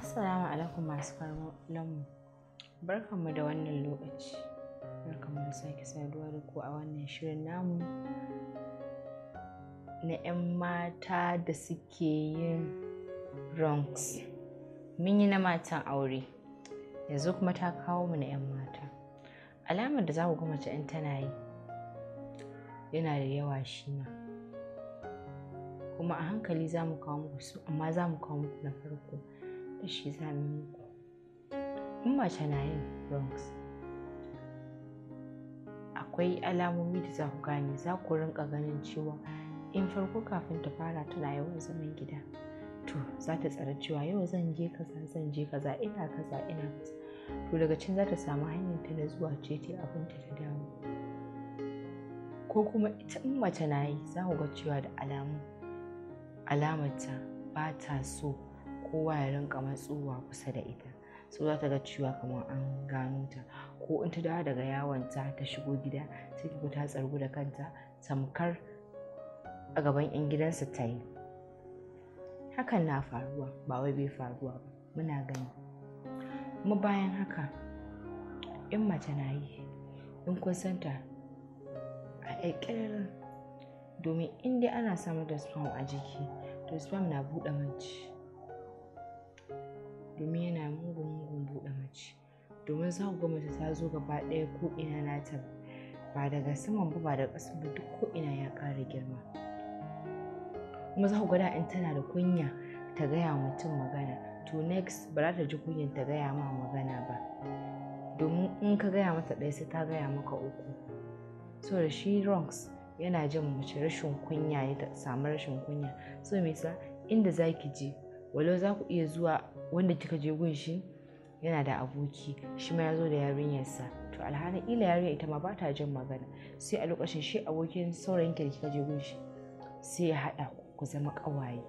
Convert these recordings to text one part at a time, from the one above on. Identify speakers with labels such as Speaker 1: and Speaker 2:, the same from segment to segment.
Speaker 1: Assalamu alaikum masu kallonmu. Barkanmu da wannan lokaci. Barkanmu da sake saduwa da ku a wannan shirin namu na 'yan mata da suke yin rungs. Mun yi na matan aure, yanzu kuma ta kawo mu na 'yan mata. Alamar da za ku mace ta'in tana yi yana da yawa shi ma. Kuma a hankali za mu kawo muku su, amma za mu kawo muku na farko. da shi za mu yi ku na yin bronx akwai alamomi da za ku gane za ku rinka ganin cewa in farko kafin ta fara tana yawan zaman gida to za ta tsara cewa yau zan je kaza zan je kaza ina kaza ina kaza to daga can za ta samu hanyar ta na zuwa ce ta abin ta ta dawo ko kuma ita in mace na yi za ku ga cewa da alamu alamarta ba ta so kowa ya rinka matsowa kusa da ita sau za ta ga cewa kamar an gano ta ko in ta dawo daga yawon ta shigo gida sai ta ta tsargu da kanta tamkar a gaban 'yan gidansa ta yi hakan na faruwa ba wai bai faruwa ba muna gani kuma bayan haka in mace na yi in kun santa a ƙirƙirar domin inda ana samar da sperm a jiki to sperm na buɗe mace domin yana mugun mugun buɗe mace domin za ku ga mace ta zo gaba ɗaya ko ina na ta ba daga saman ba ba daga ƙasan ba duk ko ina ya ƙara girma kuma za ku ga in tana da kunya ta gaya mutum magana to next ba za ta ji kunyan ta gaya ma magana ba domin in ka gaya mata ɗaya sai ta gaya maka uku so da shi wrongs yana jin mace rashin kunya ne samu rashin kunya so me yasa inda za ki je walau za ku iya zuwa wanda kika je gun shi yana da aboki shi ma ya zo da yarinyarsa to alhalin ila yarinya ita ma ba ta jin magana sai a lokacin shi abokin saurayin da kika je gun shi sai ya haɗa ku zama ƙawaye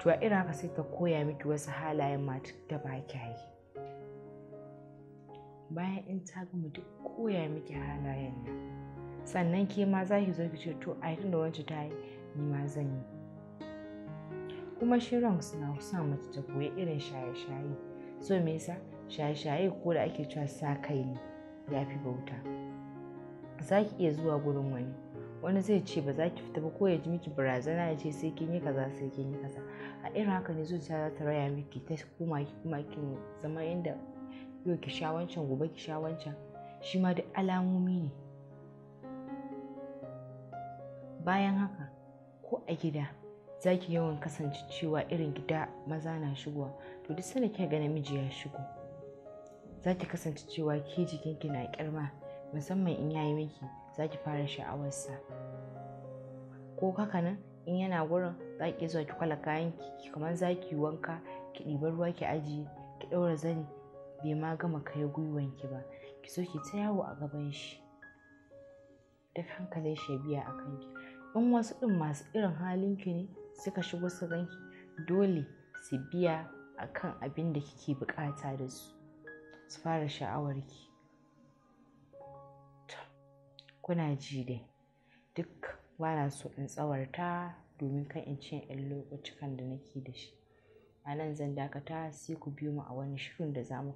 Speaker 1: to a irin haka sai ka koya miki wasu halayen mata da ba kya yi bayan in ta gama duk koya miki halayen nan sannan ke ma za ki zo ki ce to a yi da wancan ta yi ni ma zan yi kuma shirin suna sa mace ta koya irin shaye-shaye so me yasa shaye-shaye ko da ake cewa sa kai ne ya fi bauta za ki iya zuwa gurin wani wani zai ce ba za ki fita ba ko ya ji miki barazana ya ce sai kin yi kaza sai kin yi kaza a irin haka ne zuciya za ta raya miki ta koma ki kuma ki zama inda yau ki sha wancan gobe ki sha wancan shi ma duk alamomi ne bayan haka ko a gida za ki yawan kasance cewa irin gida maza na shigo? to duk sanda kika ga namiji ya shigo za ki kasance cewa ke jikinki na kirma musamman in yayi miki za ki fara sha'awarsa ko haka nan in yana gurin za ki zuwa ki kwala kayan ki kamar za ki wanka ki ɗiba ruwa ki ajiye ki ɗaura zani bai ma gama kai ki ba ki so ki ta yawo a gaban shi duk hankalin shi biya a kanki in wasu ɗin masu irin halin halinki ne suka shigo su ranki dole su biya a kan abin da kike bukata da su su fara sha'awarki kuna ji dai duk ba na so in tsawarta domin kan in ce in lokacin da nake da shi a nan zan dakata sai ku biyo mu a wani shirin da za mu